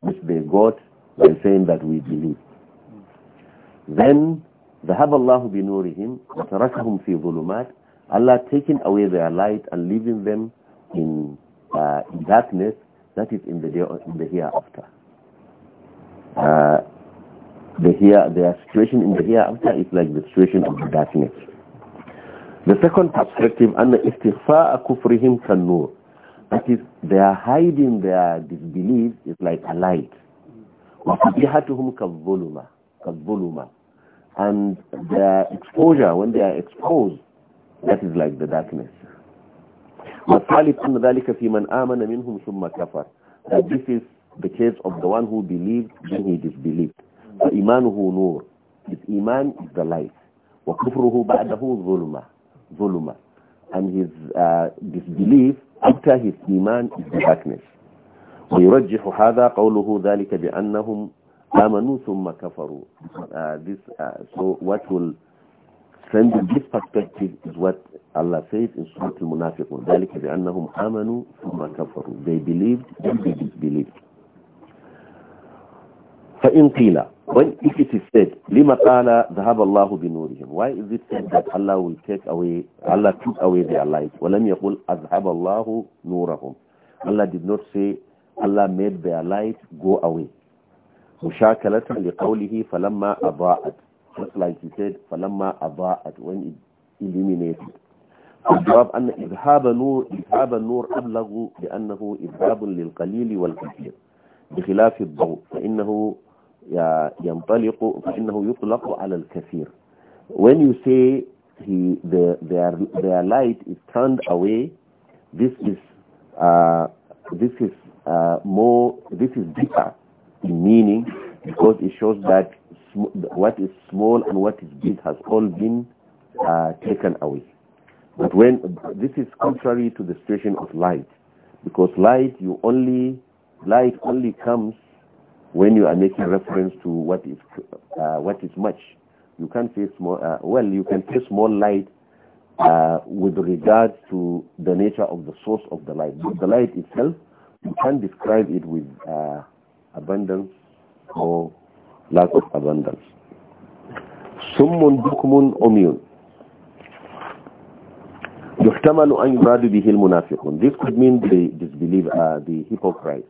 which they got by saying that we believe. Then ذهب الله بنورهم وتركهم في ظلمات Allah taking away their light and leaving them in, uh, in darkness that is in the day in the hereafter. Uh, the here, their situation in the hereafter is like the situation of the darkness. The second perspective, and أن استخفاء كفرهم كالنور. That is, they are hiding their disbelief is like a light. وَفَبِيحَتُهُمْ كَالظُّلُمَةِ كَالظُّلُمَةِ And their exposure, when they are exposed, that is like the darkness. وَالثَّالِث That this is the case of the one who believed, then he disbelieved. فإيمانه نور his إيمان is the light وكفره بعده ظلمة ظلمة and his uh, disbelief after his إيمان is the darkness ويرجح هذا قوله ذلك بأنهم آمنوا ثم كفروا uh, this, uh, so what will send this perspective is what Allah says in Surah Al-Munafiqun ذلك بأنهم آمنوا ثم كفروا they believed and they disbelieved فإن قيل when if it is said lima qala dhahaba Allah bi nurihim why is it said that Allah will take away Allah took away their light lam yaqul azhaba Allah nurahum Allah did not say Allah made their light go away mushakalatan liqawlihi falamma adaa'at just like he said falamma adaa'at when it illuminated الجواب أن إذهاب نور إذهاب النور أبلغ لأنه إذهاب للقليل والكثير بخلاف الضوء فإنه ينطلق فإنه يطلق على الكثير when you say he, the, their, their light is turned away this is uh, this is uh, more this is deeper in meaning because it shows that what is small and what is big has all been uh, taken away but when this is contrary to the situation of light because light you only light only comes when you are making reference to what is uh, what is much you can say small uh, well you can say small light uh, with regard to the nature of the source of the light but the light itself you can describe it with uh, abundance or lack of abundance summun bukmun umyun يحتمل أن يراد به المنافقون this could mean the disbeliever uh, the hypocrites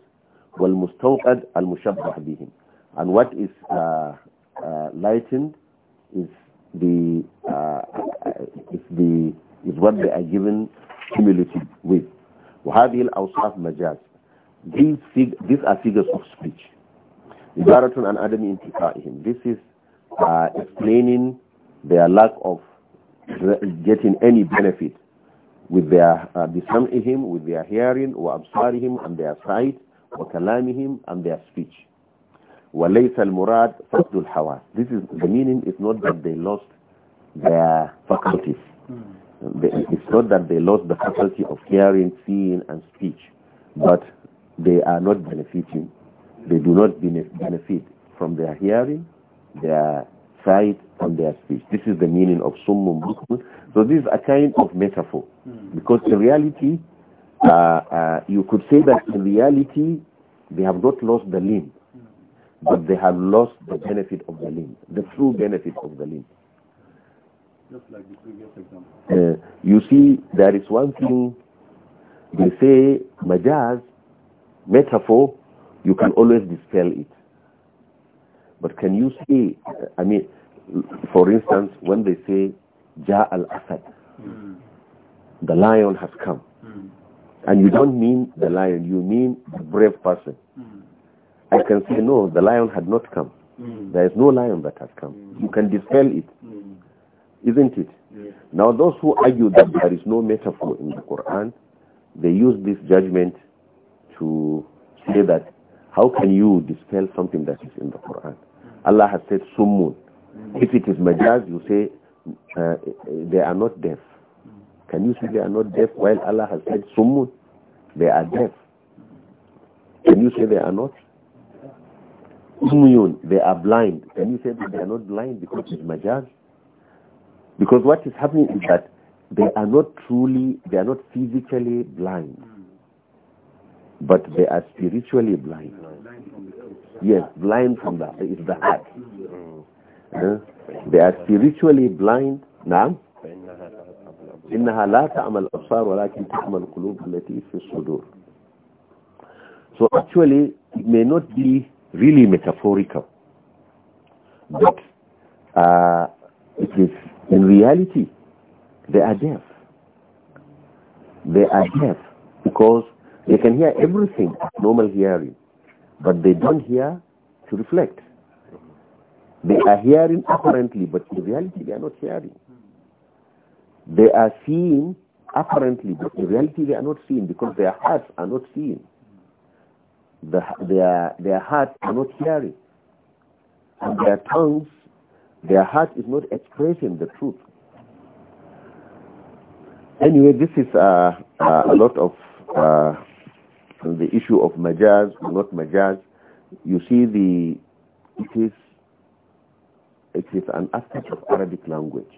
والمستوقد المشبه بهم and what is uh, uh, lightened is the uh, uh is the is what they are given cumulative with وهذه الأوصاف مجاز these, fig these are figures of speech عبارة عن عدم him. this is uh, explaining their lack of getting any benefit with their uh, بسمعهم with their hearing وأبصارهم and their sight وكلامهم and their speech وليس المراد فقد الحواس this is the meaning is not that they lost their faculties it's not that they lost the faculty of hearing seeing and speech but they are not benefiting they do not benefit from their hearing their sight and their speech this is the meaning of summum so this is a kind of metaphor hmm. because in reality uh, uh, you could say that in reality they have not lost the limb, but they have lost the benefit of the limb, the true benefit of the limb. Just like the previous example. Uh, you see, there is one thing they say, majaz, metaphor, you can always dispel it. But can you see? I mean, for instance, when they say, Ja al-Asad, mm. the lion has come. Mm. And you don't mean the lion, you mean the brave person. Mm. I can say, no, the lion had not come. Mm. There is no lion that has come. Mm. You can dispel it. Isn't it? Yes. Now those who argue that there is no metaphor in the Quran, they use this judgment to say that how can you dispel something that is in the Quran? Allah has said summun. If it is majaz, you say uh, they are not deaf. Can you say they are not deaf while Allah has said summun? They are deaf. Can you say they are not? Umyun, they are blind. Can you say that they are not blind because it's majaz? Because what is happening is that they are not truly, they are not physically blind, but they are spiritually blind. Yes, blind from the, the heart. Uh, they are spiritually blind now. إنها لا ولكن التي في الصدور So actually, it may not be really metaphorical, but uh, it is in reality, they are deaf. They are deaf because they can hear everything normal hearing, but they don't hear to reflect. They are hearing apparently, but in reality they are not hearing. They are seeing apparently, but in reality they are not seeing because their hearts are not seeing. The, their, their hearts are not hearing. And their tongues, their heart is not expressing the truth. Anyway, this is uh, uh, a lot of uh, the issue of majaz, not majaz. You see, the it is it is an aspect of Arabic language.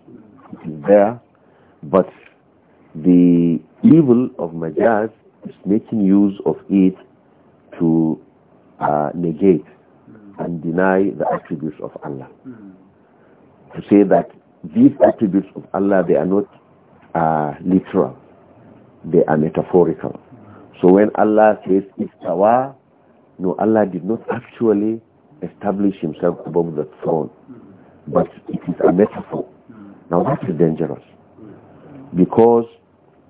It is there but the evil of majaz is making use of it to uh, negate and deny the attributes of Allah. To say that these attributes of Allah, they are not uh, literal. They are metaphorical. So when Allah says, Istawa, no, Allah did not actually establish himself above the throne. But it is a metaphor. Now that is dangerous because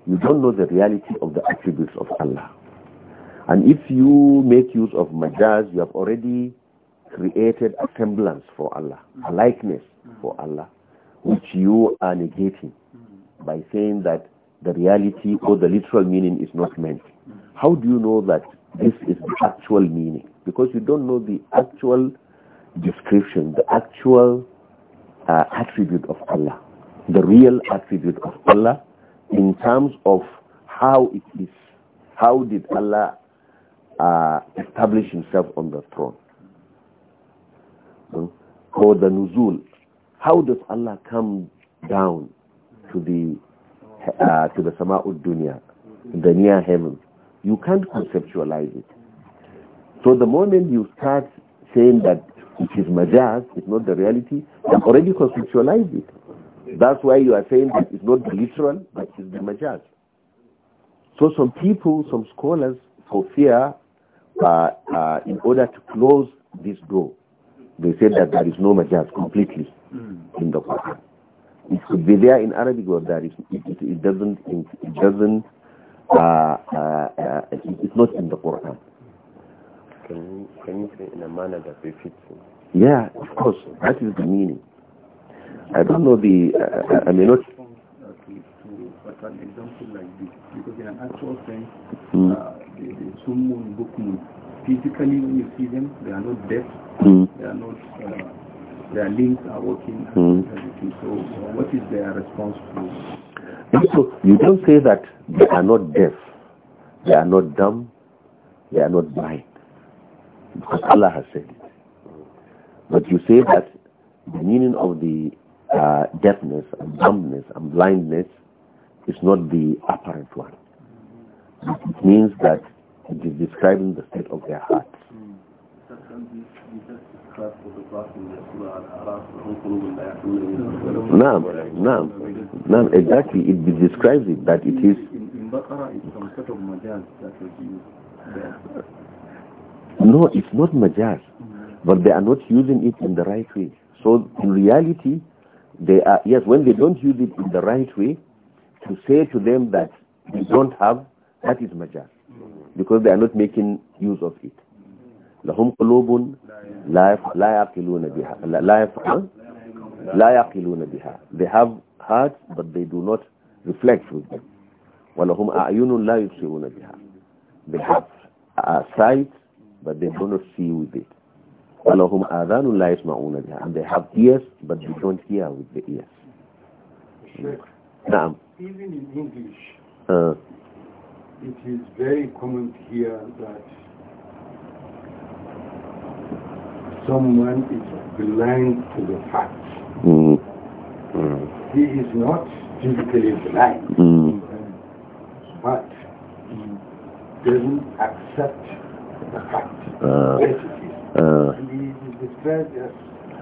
you don't know the reality of the attributes of Allah. And if you make use of majaz, you have already created a semblance for Allah, a likeness for Allah, which you are negating by saying that the reality or the literal meaning is not meant. How do you know that this is the actual meaning? Because you don't know the actual description, the actual uh, attribute of Allah the real attribute of Allah in terms of how it is, how did Allah uh, establish himself on the throne. Mm? the nuzul, how does Allah come down to the uh, to the sama'ud dunya, the near heaven? You can't conceptualize it. So the moment you start saying that it is majaz, it's not the reality, you've already conceptualized it. That's why you are saying that it's not the literal, but it's the majaz. So some people, some scholars, for fear, uh, uh, in order to close this door, they said that there is no majaz completely hmm. in the Quran. It could be there in Arabic, but there is, it, it, it doesn't, it, it doesn't, uh, uh, uh it's not in the Quran. Can you, can you say in a manner that befits? Yeah, of course. That is the meaning. I don't know the, uh, uh I mean, not... But an example like this, because in an actual sense, mm. uh, the, the Sumun, physically when you see them, they are not deaf, mm. they are not, uh, their limbs are working, mm. everything. So what is their response to? So you don't say that they are not deaf, they are not dumb, they are not blind, because Allah has said it. But you say that the meaning of the uh, deafness and dumbness and blindness is not the apparent one. It means that it is describing the state of their heart. No, naam, naam, exactly. It describes it that it is. No, it's not majaz, but they are not using it in the right way. So in reality, they are, yes, when they don't use it in the right way, to say to them that they don't have, that is majaz. Because they are not making use of it. لهم قلوب لا لا يعقلون بها لا لا يعقلون they have hearts but they do not reflect with them Walahum أعين لا يبصرون biha they have uh, sight but they do not see with it وَلَهُمْ آذَانٌ لَا يَسْمَعُونَ بِهَا And they have ears, but they don't hear with the ears. Na'am. Even in English, uh, it is very common to hear that someone is blind to the fact. Mm. Mm. He is not physically blind, mm. but he doesn't accept the fact uh,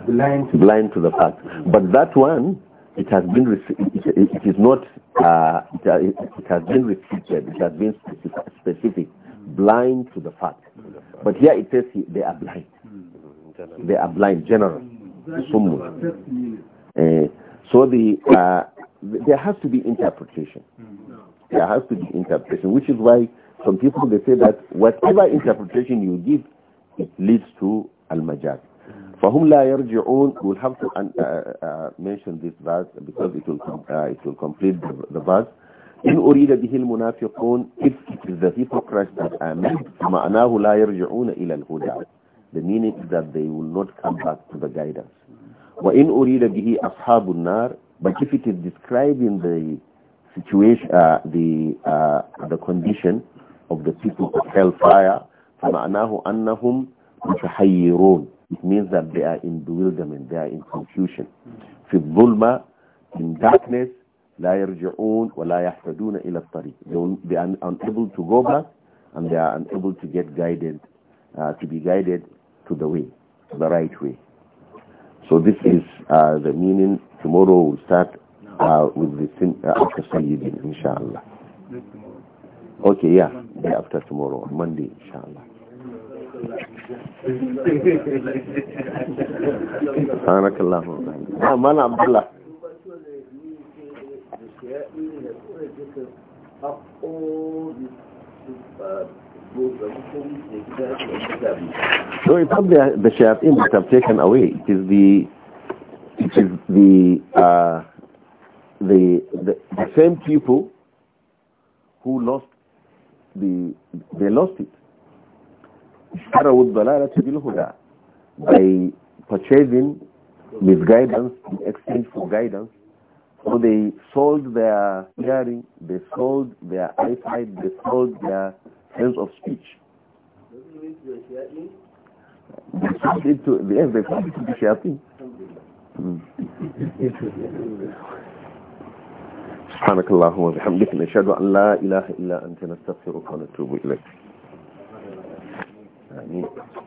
blind blind to the fact. But that one, it has been it, it is not uh, it, uh, it, has been repeated, It has been specific, specific, blind to the fact. But here it says they are blind. They are blind, general. Uh, so the uh, there has to be interpretation. There has to be interpretation, which is why some people they say that whatever interpretation you give, it leads to al-majaz. فهم لا يرجعون we'll have to uh, uh, uh mention this verse because it will uh, it will complete the, the verse إن أريد به المنافقون if it is the hypocrites that are معناه لا يرجعون إلى الهدى the meaning is that they will not come back to the guidance وإن أريد به أصحاب النار but if it is describing the situation uh, the uh, the condition of the people of hellfire فمعناه أنهم متحيرون it means that they are in bewilderment, they are in confusion. في الظلمة, in darkness, لا يرجعون ولا يحتدون إلى الطريق. They are unable to go back and they are unable to get guided, uh, to be guided to the way, to the right way. So this is uh, the meaning. Tomorrow we'll start uh, with the uh, after Sayyidin, inshallah. Okay, yeah, day after tomorrow, Monday, inshallah. سبحانك اللهم وبحمدك ما عبد الله So it's not the, the shayateen that have taken away. It is the it is the uh, the, the the same people who lost the they lost it. اشتروا الضلالة بالهدى by purchasing misguidance in exchange for guidance so they sold their hearing they sold their eyesight they sold their sense of speech they sold it to yes they sold it to the shayateen سبحانك اللهم وبحمدك نشهد ان لا اله الا انت نستغفرك ونتوب اليك amin